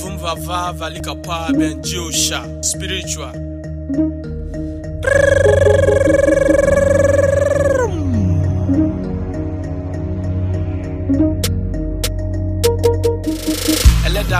Vumvavava, Likapab, and Josha, spiritual.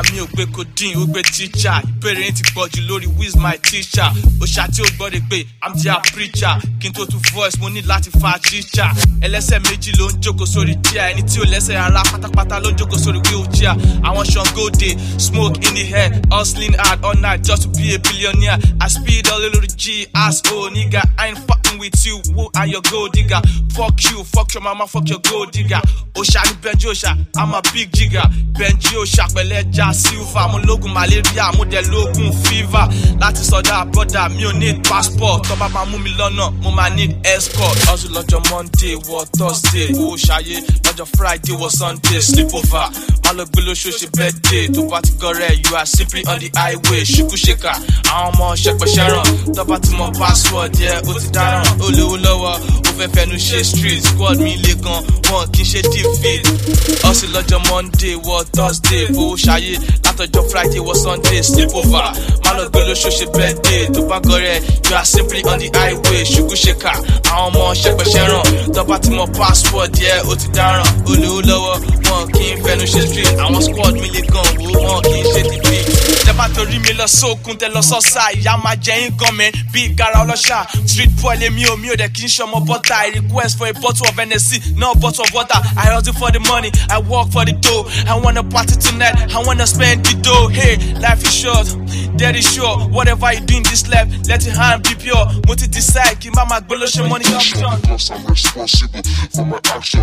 rárá mi ò gbé codeine ó gbé teacher ìbéèrè yín ti pọ̀ jù lórí who my teacher òṣà tí ó gbọ́dọ̀ gbé i'm their preacher kí n tó tu voice mo ní láti fa teacher ẹlẹ́sẹ̀ méjì ló ń jókòó sórí chair ẹni tí ò lẹ́sẹ̀ ara pátápátá ló ń jókòó sórí wheelchair àwọn ṣàngó dey smoke in the air hustling hard all night just to be a billionaire i speed all lórí g as o nigga i ain't fucking with you who are your gold digger fuck you fuck your mama fuck your gold digger òṣà ni benji òṣà i'm a big jigger benji òṣà pẹ̀lẹ́ jà silver mo lógun malaria mo dẹ̀ lógun fever láti sọdá broda mi ò need passport tọ́ bá máa mú mi lọ́nà mo máa need escort hustle lọ́jọ́ monday wọ thursday owó ṣayé lọ́jọ́ friday wọ sunday sleep over má lọ gbé lóṣooṣù birthday tó bá ti gọ́rẹ́ you are simply on the highway ṣíkú ṣèkà àwọn ọmọ ṣẹpẹṣẹràn tọ́ bá ti mọ password yẹ ó ti dáràn ó lọ́wọ́ fẹ́ fẹnu ṣe street squad mi le gan wọn kì í ṣe defeat ọ̀sìn lọ́jọ́ monday wọ thursday fowó ṣayé látọjọ́ friday wọ sunday sleep over má lọ gbé lóṣù ṣe birthday tó bá gọrẹ you are simply on the highway ṣùgbọ́n ṣe kà àwọn ọmọ ṣẹpẹṣẹ ràn tọ́ba ti mọ password yẹ ó ti dáràn olówó lọ́wọ́ wọn kì í fẹnu ṣe street àwọn squad mi le gan wo wọn kì í. torí mi lọ sókun tẹ lọ sọ́sà ìyá máa jẹ yín gan mẹ́ bíi gara ọlọ́ṣà street boy lèmi ò mi ò dẹ̀ kí n ṣọmọ bọ́tà I request for a bottle of Hennessy not bottle of water I hustle for the money I work for the dough I wanna party tonight I wanna spend the dough hey life is short dead is sure whatever you do in this life let your hand be pure mo ti decide kí n má máa gbé lóṣè money option.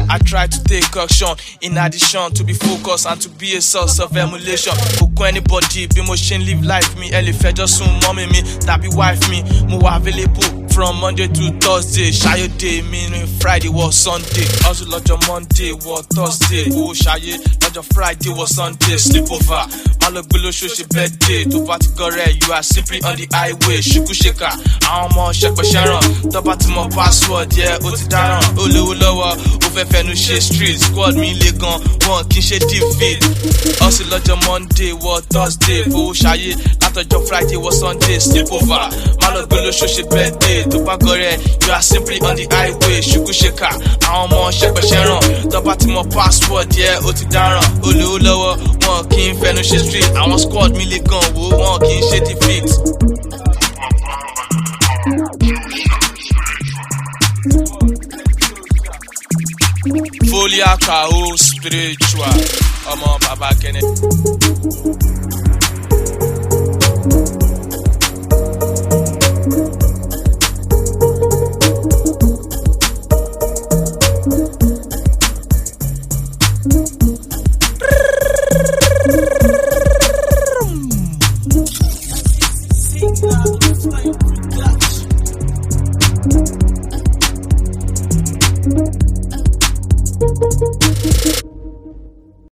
I try to take action in addition to be focused and to be a source of emulation. Kò kún anybody bí mo ṣe live life me. Elephant just soon mommy me, that be wife me. Mo available from Monday to Thursday. Ṣayé day meaning Friday was Sunday. love lọ́jọ́ Monday was Thursday. Owó ṣayé lọ́jọ́ Friday was Sunday. Sleep over. wọn lọ gbé lóṣù ṣe birthday tó bá ti gọrẹ you are simply on the highway ṣùkú ṣèkà àwọn ọmọ ṣẹpẹṣẹràn tó bá ti mọ password yẹ ó ti dáràn ó lówó lọ́wọ́ ó fẹ́ fẹnu ṣe street squad mi le gan wọn kì í ṣe defeat ọ̀sìn lọ́jọ́ monday wọ thursday fowó ṣayé látọjọ́ friday wọ sunday sleep over wọn lọ gbé lóṣù ṣe birthday tó bá gọrẹ you are simply on the highway ṣùkú ṣèkà àwọn ọmọ ṣẹpẹṣẹràn tó bá ti mọ password yẹ ó ti dáràn ó lówó lọ́wọ́ wọn kì í fẹnu ṣe street àwọn squad mi lè gan wo wọn kì í ṣe ti fix. foliaka o oh, spiritual ọmọ baba kẹne. thank you